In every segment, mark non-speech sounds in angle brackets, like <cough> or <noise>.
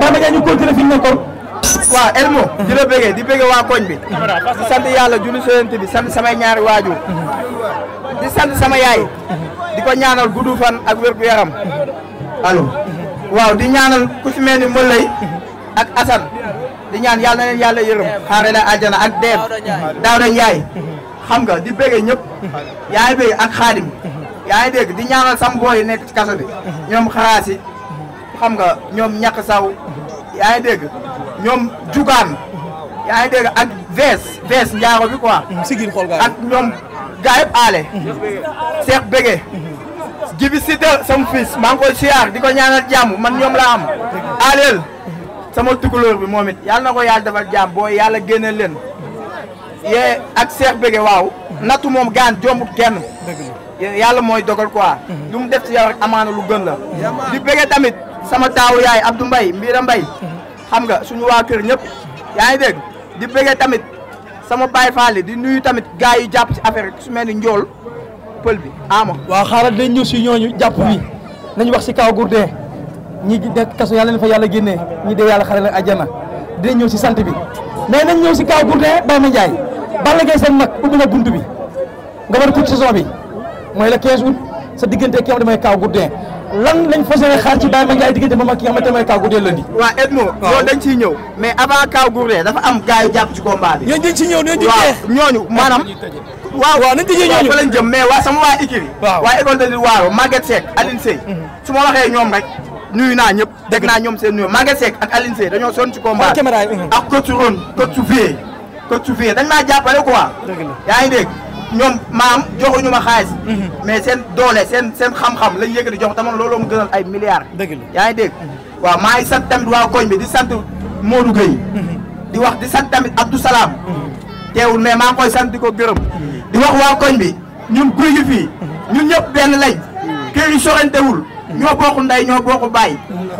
Balla Gaye ñu continuer fi ñu nekkoon. waaw Elmo. di la di bëggee waa koñ bi. di sant yàlla julli soyante bi sant sama ñaari waajur. di sant sama yaay. di ko ñaanal gudd fan ak wér gu yaram. allo. waaw di ñaanal ku si mel ni ak Assane di ñaan yàlla na leen yàlla yërëm xaare la àjjana ak deem daaw dañ yaay xam nga di béggee ñëpp yaa ngi ak xaadim yaa ngi di ñaanal sam booy nekk ci kaso bi ñoom xaraasi xam nga ñoom ñàkk saw yaa ngi dégg ñoom jugaan yaa ngi dégg ak vees vees njaago bi quoi. Mhm, sigil xool ak ñoom gaa aale. Cheikh mhm. Bégué. Mhm. Jibi Cité sama fils maa ngi siyaar di ko ñaanal jàmm man ñoom laa am. aaleel sama tukulóor bi moom it yàlla na ko yàlla defal jàmm booy yàlla génneel leen. yee ak Cheikh Bégué waaw. nattu moom gaan jombut kenn. yàlla mooy dogal quoi. lu mu def ci yow rek amaana lu gën la. di bëggee tamit sama taawu yaay Abdou Mbaye Mbira Mbaye xam nga suñu waa kër ñëpp yaa ngi dégg di bëggee tamit sama baay faale di nuyu tamit gars yi jàpp ci affaire su mel ni njool pël bi ama waa xaaral dañ ñëw si ñooñu jàpp bi nañ wax si kaw Gourdin ñi nekk kaso yàlla na fa yàlla génnee ñi dee yàlla xare la àjjana dinañ ñëw si sant bi mais nañ ñëw si kaw Gourdin Baye Mandiaye ba Gaye seen mag ubbi na bunt bi nga war a saison bi mooy la 15 sa diggante ak yow damay kaw Gourdin lan lañ fas yéene xaar ci Baye Mandiaye diggante moom ak ki nga xamante ne mooy Kaw Gourdin lundi. waaw Edmo. waaw loolu dañ ciy ñëw. mais avant Kaw Gourdin dafa am gars yu ci combat bi. ñooñu dañ ciy ñëw ñooñu waaw ñooñu maanaam. waaw waaw nañ tëjee ñooñu fa lañ jëm mais waa sama waa équipe. waa école de l' Ivoire Maguette Seck Aline Seye. Mhm. su ma ñoom rek. nuyu naa ñëpp dégg naa ñoom seen nuyu Maguette Seck ak Aline Seye dañoo sonn ci combat. ak coach Ron coach Vier coach Vier dañ maa jàppale quoi. yaa ngi dégg ñoom maam joxuñu ma xaalis. Mhm. mais seen doole seen seen xam-xam lañ yëkkati jox tamit looloo mu gënal ay milliards. dëgg la yaa ngi dégg. waaw maa ngi sant tamit waa koñ bi di sant Modou Gueye. Mhm. di wax di sant tamit Abdou Salam. Mhm. teewul mais maa ngi koy sant di ko gërëm. di wax waa koñ bi ñun guy gi fii. ñun ñëpp benn lañ. kër yi sorantewul. ñoo bokk nday ñoo bokk bàyyi.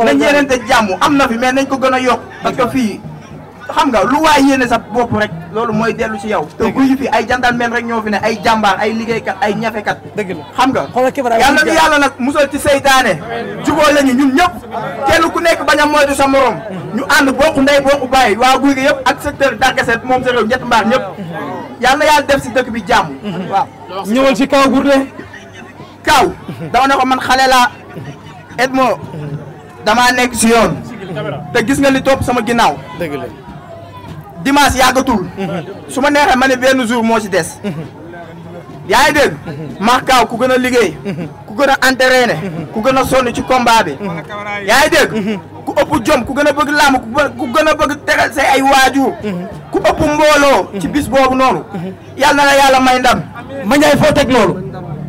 nañ yeneente jàmm am na fi mais nañ ko gën a yokk parce que fii. xam nga lu waay yéene sa bopp rek loolu mooy dellu si yow te guy fi ay jandarmen rek ñoo fi ne ay jàmbaar ay liggéeykat ay ñafekat dëgg la xam nga yàlla na yàlla nag musal ci seytaane jubóo lañu ñun ñëpp kenn ku nekk bañ a moytu sa morom ñu ànd bokk ndey bokk bàyyi waa guy gi yëpp ak secteur darkeset moom sa réew ñett mbaar ñëpp yàlla na yàlla def si dëkk bi jàmm waaw ñëwal si kaw Gourdé kaw dama ne man xale laa Edmo damaa nekk si yoon te gis nga li topp sama ginnaaw dëgg la dimanche yàggatul. Mm-hmm. su ma neexee ma ne benn jour moo ci des. Mm-hmm. yaa ngi dégg. Mm-hmm. Markaaw ku gën a liggéey. ku gën a entraîné. ku gën a sonn ci combat bi. yaa ngi ku ëpp jom ku gën a bëgg làmb ku gën a bëgg tegal say ay waajur. ku ëpp mbooloo. ci bis boobu noonu. yàlla na la yàlla may ndam. ma ñaay foo teg loolu.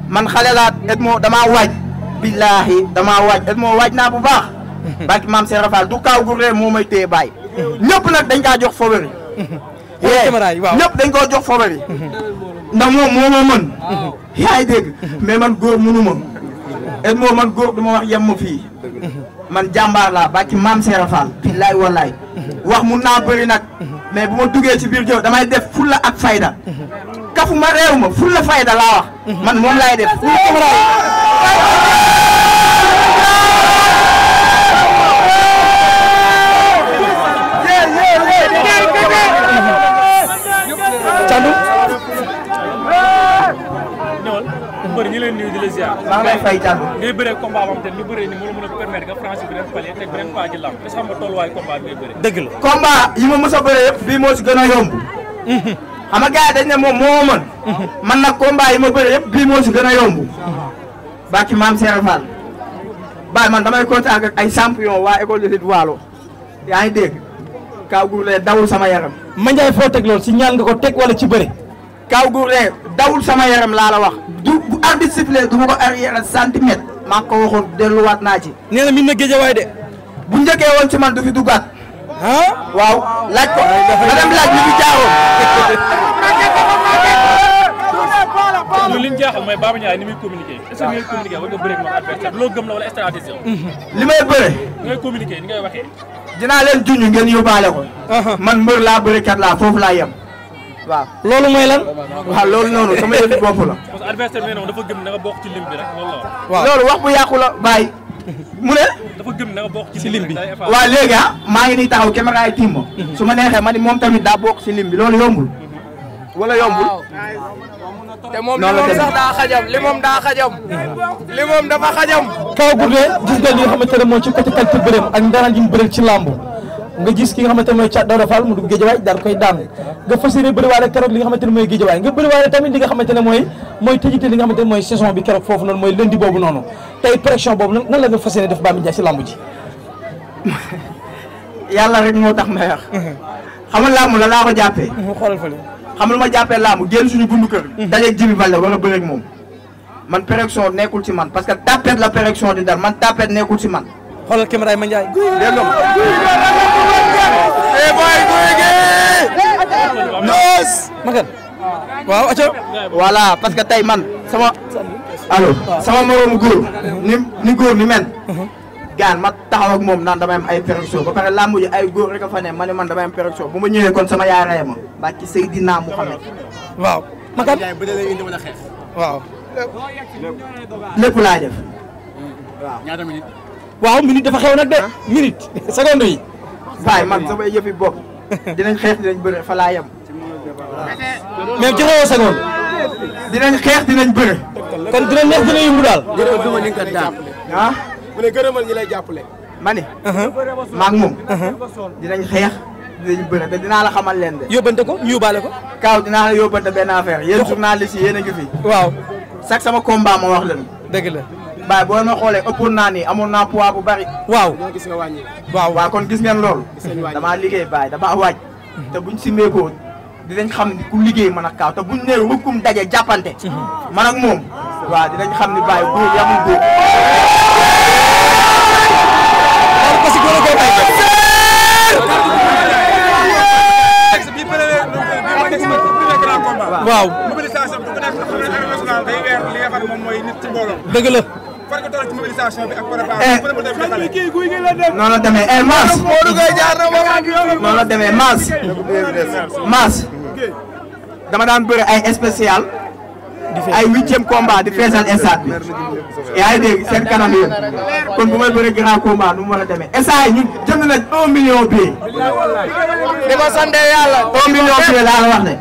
man xale laa Edmo damaa waaj. billaahi dama waaj Edmo waaj naa bu baax. barki maam Seex Rafal du kaaw gu moo may téye ñëpp nag dañ kaa jox favori ñëpp dañ koo jox fooba bi ndax moom moo ma mën yaay dégg mais man góor mënu ma et moo man góor du ma wax yem ma man jàmbaar laa bàkki maam Seera Fall billaay wallaay wax mun naa bëri nag mais bu ma duggee ci biir jëw damay def fulla ak fayda kafu ma réew ma fulla fayda laa wax man moom laay def ngay jàng. ngay bëree combat boo xam te ñu bëree ni mënu mën a permettre nga franchir beneen yi ma mës a bëree yëpp bii moo si gën a yomb. xam mhm. nga gars yi dañ ne moom moo mën. Mhm. man nag combat yi ma bëree yëpp bii moo si gën a yomb. bàkki maam Serigne Fall. baay man damay contact ak ay champion waa école de lutte Waalo yaa dégg Kaaw Gourlé dawul sama yaram. Mandiaye foo teg loolu si ñaan nga ko teg wala ci bëri. Kaaw Gourlé dawul sama yaram laa la wax du bu arbitre sifflé du ma ko arrière centimètre maa ko waxoon delluwaat naa ci. nee na min na géejawaay de. bu njëkkee woon ci man du fi duggaat. waaw laaj ko. madame laaj ñu li ñu jaaxal mooy Baba Ndiaye muy communiqué. est-ce que ni ngay li may bëre. ni ngay communiqué ni ngay waxee. dinaa leen junj ngeen yóbbaale man mbër laa bërekat laa foofu laa yem. waaw loolu mooy lan. waaw loolu noonu sama yëfi bopp la. parce que dafa gëm na nga bokk ci lim bi rek loolu la. wax bu yàqu la mu ne. dafa gëm na nga bokk ci lim bi waaw léegi ah maa ngi nii taxaw caméra yi tiim ma. Mhm. su ma neexee ma ni moom tamit daa bokk si lim bi loolu yombul. Mhm. wala yombul. te moom li moom sax daa xajam li moom daa xajam. li moom dafa xajam. kaw guddee gis nga li nga xamante moom ci côté kalite bëreem ak ndaraan yi mu bërëm ci làmb nga gis ki nga xamante ne mooy Thiat Daouda Fall mu dugg géejawaay daal koy daan nga fas yéene bëriwaale keroog li nga xamante ne mooy géejawaay nga bëriwaale tamit li nga xamante ne mooy mooy bi keroog foofu noonu mooy lundi boobu noonu tey pression boobu nan la nga fas def Bamba si lamb ji <laughs> yàlla rek moo tax may wax xamal lamb la laa ko jàppee <laughs> xoolal fële xamal ma jàppee lamb génn suñu bundu kër mm-hmm. dajeeg Jibi Balla wala bëreeg moom man pression nekkul ci man parce man man xoolal caméra yi ma Ndiaye. dégg nga. eh noos. Maguette waaw acca. voilà parce que tey man sama. allo sama moromu góor ni góor ni men. gaan ma taxaw ak moom naan damay am ay perroction ba pare làmb ji ay góor rek a fa ma ne man damay am perroction bu ma ñëwee kon sama yaay rey ma barki Seydina Muhammad waaw Maguette. waaw. lépp laa def waaw minute dafa xew nag de ah. minute <laughs> seconde yi. waaye man sama yëf yi bopp dinañ xeex dinañ bëre falaa yam yem. mais joxewoo seconde. dinañ xeex dinañ bëre. kon dina neex dina yëngu daal. gërëm duma ni nga daan ah. mu ne lay jàppale. ma ne. maag moom. dinañ xeex dinañ bëre te dinaa la xamal leen de. yóbbante ko ñu yóbbaale ko. Kaaw dinaa la yóbbante benn affaire yéen journaliste yi yéen a ngi fi. waaw sax sama combat ma wax leen. dëgg la. baay boo ma xoolee naani naa amoon naa poids bu bari. waaw gis nga wàññi. kon gis ngeen loolu. damaa liggéey baay damaa waaj. te buñ dinañ xam ni ku liggéey man ak kaaw te buñ nee wëkkum daje jàppante. Mhm. man moom. waaw dinañ xam ni baay góor yamul góor. waaw dëgg la mobilisation bi ak préparation. Eh. noonu la demee eh na noonu la demee Mass. dama daan bëri ay spécial. ay huitième combat di feesal stade bi. yaa ngi dégg seen kanam yéen kon bu may bëri grand nu mu a demee instant yii jënd nañ un million billet. di ko yàlla. un million billet laa la wax ne.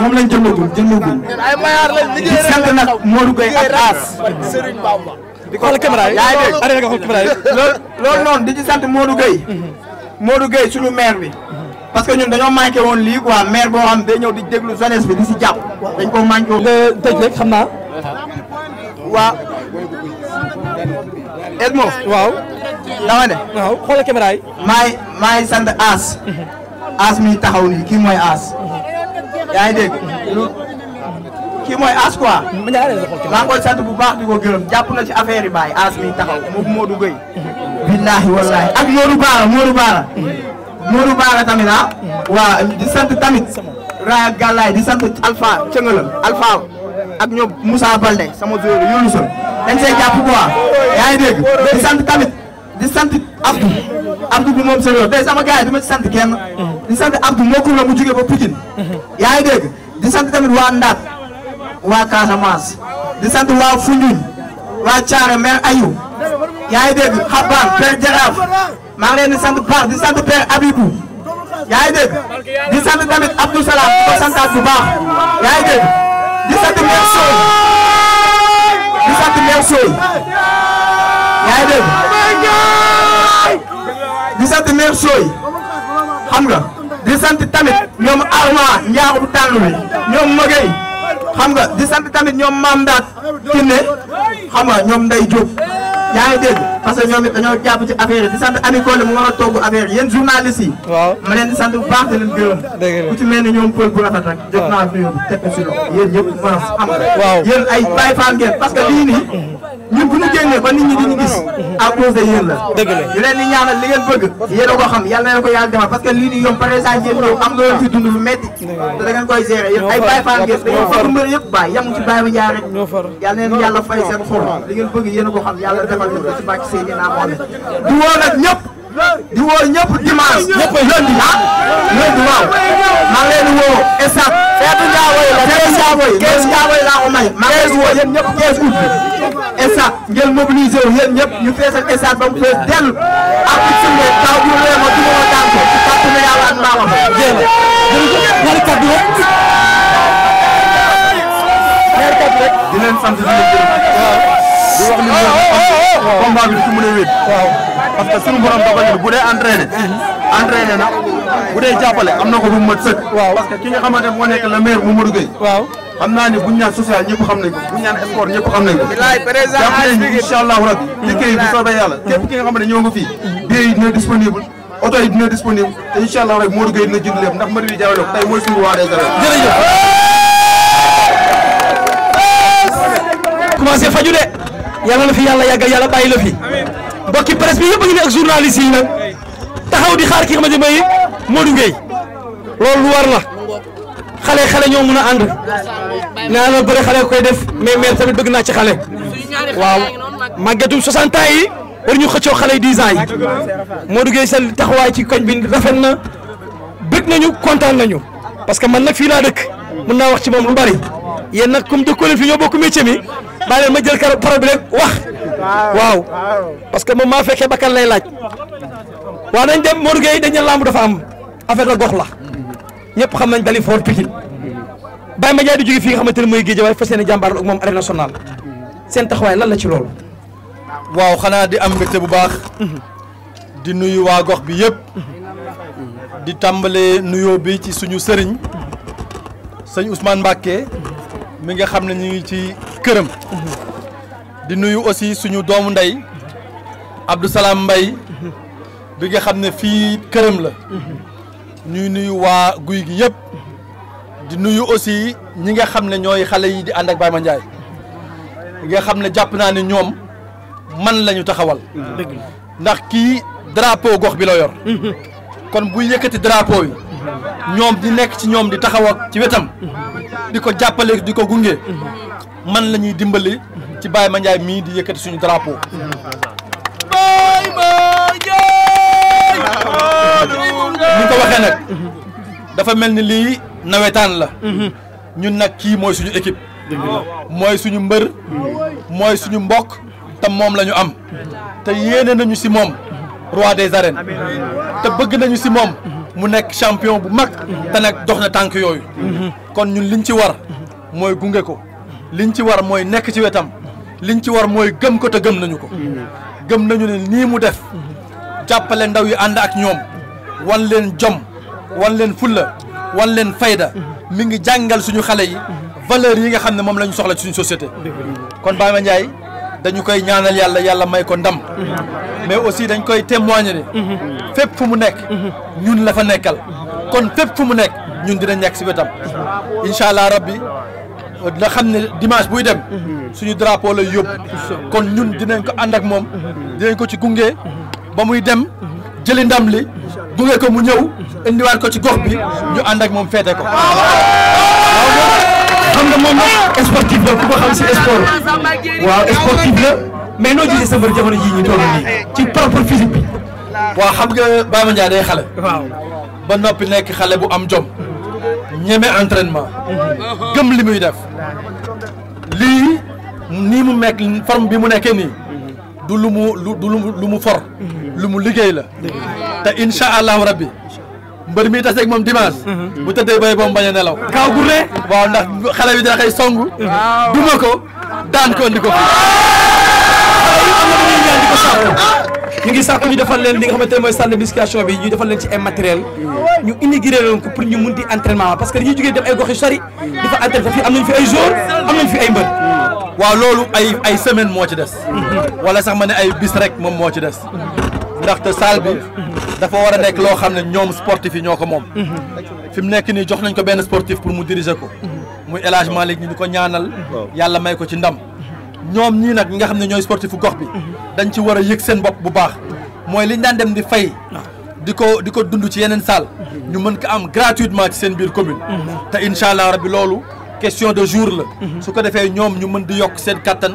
moom lañ jëndagul jëndagul. ay mayaar lañ di sant nag Modou Gueye ak As. di ko xool caméra a yaa ngi dégg arrêté nga xool caméra yi. loolu noonu di ci sant Modou Gueye. Mm-hmm. Modou Gueye suñu bi. Mm-hmm. parce que ñun dañoo manqué woon lii quoi maire boo xam day ñëw di déglu jeunesse bi di si jàpp dañ ko manqué woon. nga tëj rek xam naa. waa. Edmo. waaw. dama ne. waaw xoolal caméra yi. maay maay sant As. Mm-hmm. As mi taxaw nii kii mooy As. yaa dégg. kii mooy as quoi. maa ngi koy sant bu baax di ko gërëm jàpp na ci affaire yi baay as mi taxaw moom Modou Gueye. billaahi wallaahi ak Modou Baara Modou Baara. Modou Baara tamit ah. waa di sant tamit. Raya Galaye di sant Alpha Cëngala ak ñoom Moussa Balde sama joueur yooyu sax dañ see jàpp quoi yaa ngi dégg di sant tamit di moo ko la mu jugee ba Pikine. Mhm. yaa ngi dégg tamit waa Ndaat. waa Casamance di sant waa Foundiougne waa Thiaré mère Ayou yaa ngi dégg Xabaan Jaraaf maa di sant baax di sant père Abibou yaa ngi di sant tamit Abdou ko santaat bu baax yaa ngi di sant mère Sow di sant di sant mère Sow xam di sant tamit ñoom Arma Ndiakhou Tall wi ñoom xam nga di sant tamit ñoom maam daat kinne xam nga ñoom nday Diop yaa ngi dégg ñoom dañoo jàpp ci affaire yi di sant Ami Collé mu war a togg affaire yi yéen journalistes yi. waaw ma leen di sant bu baax di leen gërëm. ku ni ñoom pël bu rafet rek jot naa fi ñoom teg ko si loxo yéen ñëpp mën a am. ay Baye Fall ngeen parce que ñun bu ñu génnee ba nit ñi dañu gis à cause de yéen la. ñu di ñaanal li ngeen bëgg. yéen a ko xam yàlla na leen ko yàlla defal parce que lii nii yomb ay Baye Fall ngeen dañoo far mbër yëpp Baye ci Baye ma Ndiaye rek. yàlla na leen yàlla fay seen xol li ngeen a ko xam yàlla defal leen ko ci bàcc seen i naamoon. du woo di woo ñëpp dimanche ñëpp lundi ah lundi waaw maa ngi leen di woo esat feetu njaaboy la feetu njaaboy kees njaaboy laa ko may maa ngi leen di woo yéen ñëpp kees ut bi esat ngeen mobiliser wu yéen ñëpp ñu feesal esat ba mu fees dell ak ci sunde taw bi lee ma duma ma daan ko ci kàttu na yàlla ak maamam jéema ñaari kàddu rek ñaari kàddu rek di leen sant di leen gërëm di wax ni combat bi su mën a wéet. waaw parce que suñu borom dafa bu dee entraîné. entraîné na bu dee jàppale am na ko mu mat sëkk. waaw parce que ki nga xamante moo nekk le maire Mamadou Gueye. waaw xam naa ne bu ñu naan social ñëpp xam nañ ñu xam nañ ko. jàpp nañ incha allahu rabi. liggéey bu soobee yàlla. képp ki nga xam ne ñoo nga fii. billets yi dina disponible oto yi dina disponible te incha allahu rabi Mamadou Gueye dina jënd lépp ndax mbir mi jaay la tey mooy suñu waa des arènes. jërëjëf. commencé faju de. yàlla la fi yàlla yàggal yàlla bàyyi la bokki presse bi yëpp a ngi ne ak journaliste yi nag taxaw di xaar ki nga xamante ne mooy Modou Gueye loolu lu war la xale xale ñoo mën a ànd naa la bëre xale koy def mais mère tamit bëgg naa ci xale waaw màggetum 60 ans yi war ñu xëccoo xale yi 10 ans yi Modou Gueye seen taxawaay ci koñ bi rafet na bëgg nañu kontaan nañu parce que man na fii laa dëkk mën naa wax ci moom lu bari yéen nag comme dëkkoo leen fi ñoo bokk métier mi bàyyi leen ma jël kar parole bi rek wax waaw parce que moom maa fekkee bakkan lay laaj waa nañ dem Modou Gueye dañ ne lamb dafa am affaire la gox la ñëpp xam nañ dali fort Pikine Baye Mandiaye di xamante ne mooy géej waaye fas yéene jàmbaar ak moom arène seen taxawaay lan la ci loolu waaw xanaa di am mbégte bu baax di nuyu waa gox bi yëpp di tàmbale nuyoo bi ci suñu sëriñ sëñ Ousmane Mbacke mi nga xam ne ñu ngi ci këram. di nuyu aussi suñu doomu ndey Abdou Salam Mbaye bi nga xam ne fii këram la. ñuy nuyu waa guy gi yëpp. di nuyu aussi ñi nga xam ne ñooy xale yi di ànd ak Baye Mandiaye nga xam ne jàpp naa ni ñoom man lañu taxawal. ndax kii drapeau gox bi la yor. kon buy yëkkati drapeau yi. ñoom di nekk ci ñoom di taxaw ak ci wetam. di ko jàppale di ko gunge. man la ñuy dimbali ci Baye Mandiaye mii di yëkkati suñu drapeau. Baye Mandiaye. ko waxee nag. dafa mel ni lii nawetaan la. ñun nag kii mooy suñu équipe. mooy suñu mbër. mooy suñu mbokk. te moom lañu am. te yéene nañu si moom. roi des arènes. te bëgg nañu si moom. mu nekk champion bu mag. te nag dox na tànk yooyu. kon ñun liñ ci war. mooy gunge ko. li liñ ci war mooy nekk ci wetam li liñ ci war mooy gëm ko te gëm nañu ko gëm nañu ne nii mu def jàppale ndaw yi ànd ak ñoom wan leen jom wan leen fulla wan leen fayda mi ngi jàngal suñu xale yi valeurs yi nga xam ne moom la ñu soxla ci suñu société kon Baye Mandiaye dañu koy ñaanal yàlla yàlla may ko ndam mais aussi dañ koy témoigner ne fépp fu mu nekk ñun la fa nekkal kon fépp fu mu nekk ñun dina nekk si wetam incha allah rabbi dina xam ne dimanche buy dem suñu drapeau lay yóbbu kon ñun dinañ ko ànd moom dinañ ko ci gunge ba muy dem jëli ndam li gunge ko mu ñëw indiwaat ko ci gox bi ñu ànd moom feete ko xam nga moom nag sportif la ku ko xam si sport waaw sportif la mais noo gisee sa mbër jamono jii ñu toll nii ci propre physique waaw xam nga Baye Mandiaye day xale waaw ba noppi nekk xale bu am jom ñeme entraînement gëm li muy def lii nii mu mekk forme bi mu nekkee nii du lu mu lu mu for lu mu liggéey la te insha allahu mbër mi taseeg moom dimanche bu tëddee bay boom bañ nelaw kaw gu waaw ndax xale bi dina xëy song duma ko daan ko andi ko fi ñu ngi sàkku ñu defal leen li nga xamante ne mooy salle de musculation bi ñu defal leen ci ay matériel ñu intégré leen pour ñu mun di entraînement parce que dañuy jógee dem ay gox yu sori di fa entraîné am nañ fi fi ay mbër waaw loolu ay ay semaine moo ci des wala sax ma ne ay bis rek moom moo ci des ndaxte salle bi dafa war a nekk loo xam ne ñoom sportif yi ñoo ko moom fi mu nekk nii jox nañ ko benn sportif pour mu diriger ko muy El Hadj Malick ñu di ko ñaanal yàlla may ko ci ndam ñoom ñii nag ñi nga xam ne ñooy sportifu gox bi mhm. dañ ci war a yëg seen bopp bu baax mooy liñ daan dem di fay ah. di ko di ko dund ci yeneen salle mhm. ñu mën ko am gratuitement ci seen biir commune mhm. te incha allah rabbi loolu question de jour la su ko defee ñoom ñu mën di yokk seen kattan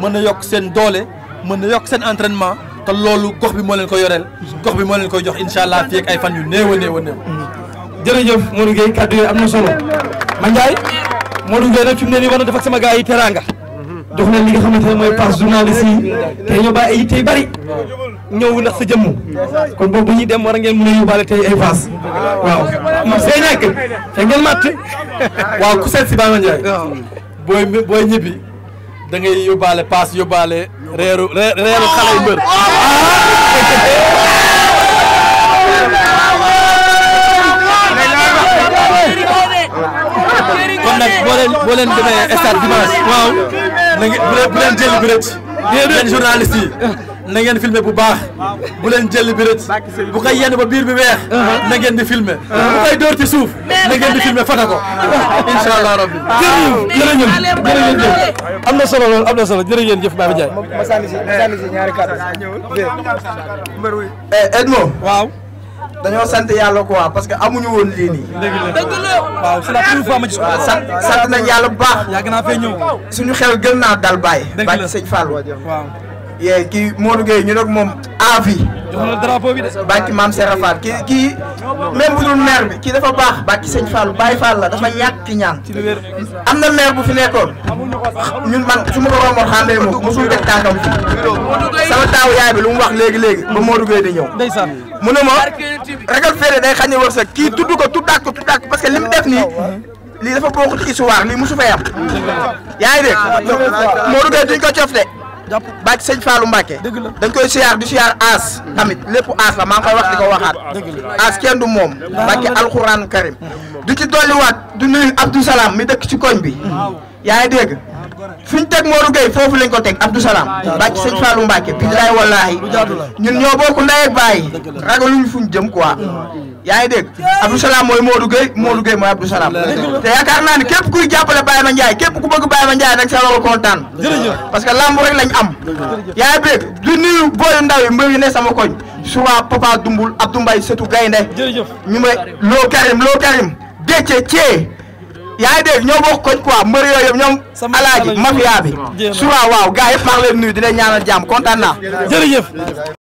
mën a yokk seen doole mën a yokk seen entraînement te loolu gox bi moo leen ko yoreel gox bi moo leen koy jox incha allah fii ak ay fan yu néew a néew a néew jërëjëf am na solo Mandiaye Modou Gueye nag fi def ak sama gars yi teraanga jox leen li nga xamante ne mooy passe journaliste yi tey ñoo ay yitte yu bari ñëw ndax sa jëmm kon boobu bu ñuy dem war ngeen mën a yóbbaale tey ay passe waaw man see ñàkk te ngeen màtt waaw ku seet si Bama Ndiaye booy booy ñibbi da yóbbaale passe yóbbaale reeru xale yu mbër kon nag boo leen demee stade dimanche waaw na ngeen bu leen jël bi rëcc. yéen journaliste yi. na ngeen filmer bu baax. bu leen jël bi rëcc. bu koy yenn ba biir bi weex. Uh-huh. na ngeen di filmer. Uh-huh. bu koy door ci suuf. na ngeen di filmer fata ko. <laughs> incha allah rabbi. Ah, jërëjëf jërëjëf am na solo lool am na solo jërëjëf Baye Ndiaye. ma sànni si ma sànni si ñaari kàddu. Eh, Edmo waaw. dañoo sant yàlla ko quoi parce que amuñu woon lii nii. dëgg la waaw sant sant nañ yàlla bu baax. yàgg naa fee ñëw. suñu xel gën naa dal bàyyi. dëgg la bàyyi sëñ Fall. waaw yee kii Modou Gueye ñu nag moom avis. jox la bi de. bàkki maam Serafal kii kii même bu dul bi kii dafa baax. bàkki sëñ Fall Baye Fall la dafa ñàkk ñaan. am na maire bu fi nekkoon. ñu man su ma ko romboon xàmmee moom mosul teg tànkam fii. sama taaw bi lu mu wax léegi léegi ba Modou Gueye di ñëw. mu ne ma ragal feere day xañ wërsëg kii tudd ko tuddaat ko tuddaat ko parce li mu def nii lii dafa bokkul ci histoire lii mosu fa yam yaa ngi dégg Modou Gueye duñ ko cof de bàcc sëñ Fallou Mbacke dañ koy siyaar du siyaar aas tamit lépp aas la maa ngi koy wax di ko waxaat aas kenn du moom Mbacke alxuraan karim du ci dolliwaat du nuyu Abdou Salam mi dëkk ci koñ bi yaa ngi dégg fi ñu teg moo Gueye foofu lañ ko teg Abdou Salam bàcc sëñ Fallou Mbacke billaay wallaahi ñun ñoo bokk ndey ak bàyyi ragaluñ fuñ jëm quoi yaa ngi dégg Abdou mooy Modou Gueye Modou Gueye mooy Abdou Salam te yaakaar naa ne képp kuy jàppale Baye Ma Ndiaye képp ku bëgg Baye Ma Ndiaye nag sa war kontaan parce que lamb rek lañ am yaa ngi dégg du booyu ndaw yi mbir ne sama koñ souvent Papa Dumbul Abdou Mbaye Setou Gaynde ñu may loo Karim loo Karim décce cee yaa ngi dégg ñoo bokk koñ quoi mbër yooyu yëpp ñoom alaaji mafia bi souvent waaw gars maa leen nuyu di ñaana ñaanal jàmm kontaan naa jërëjëf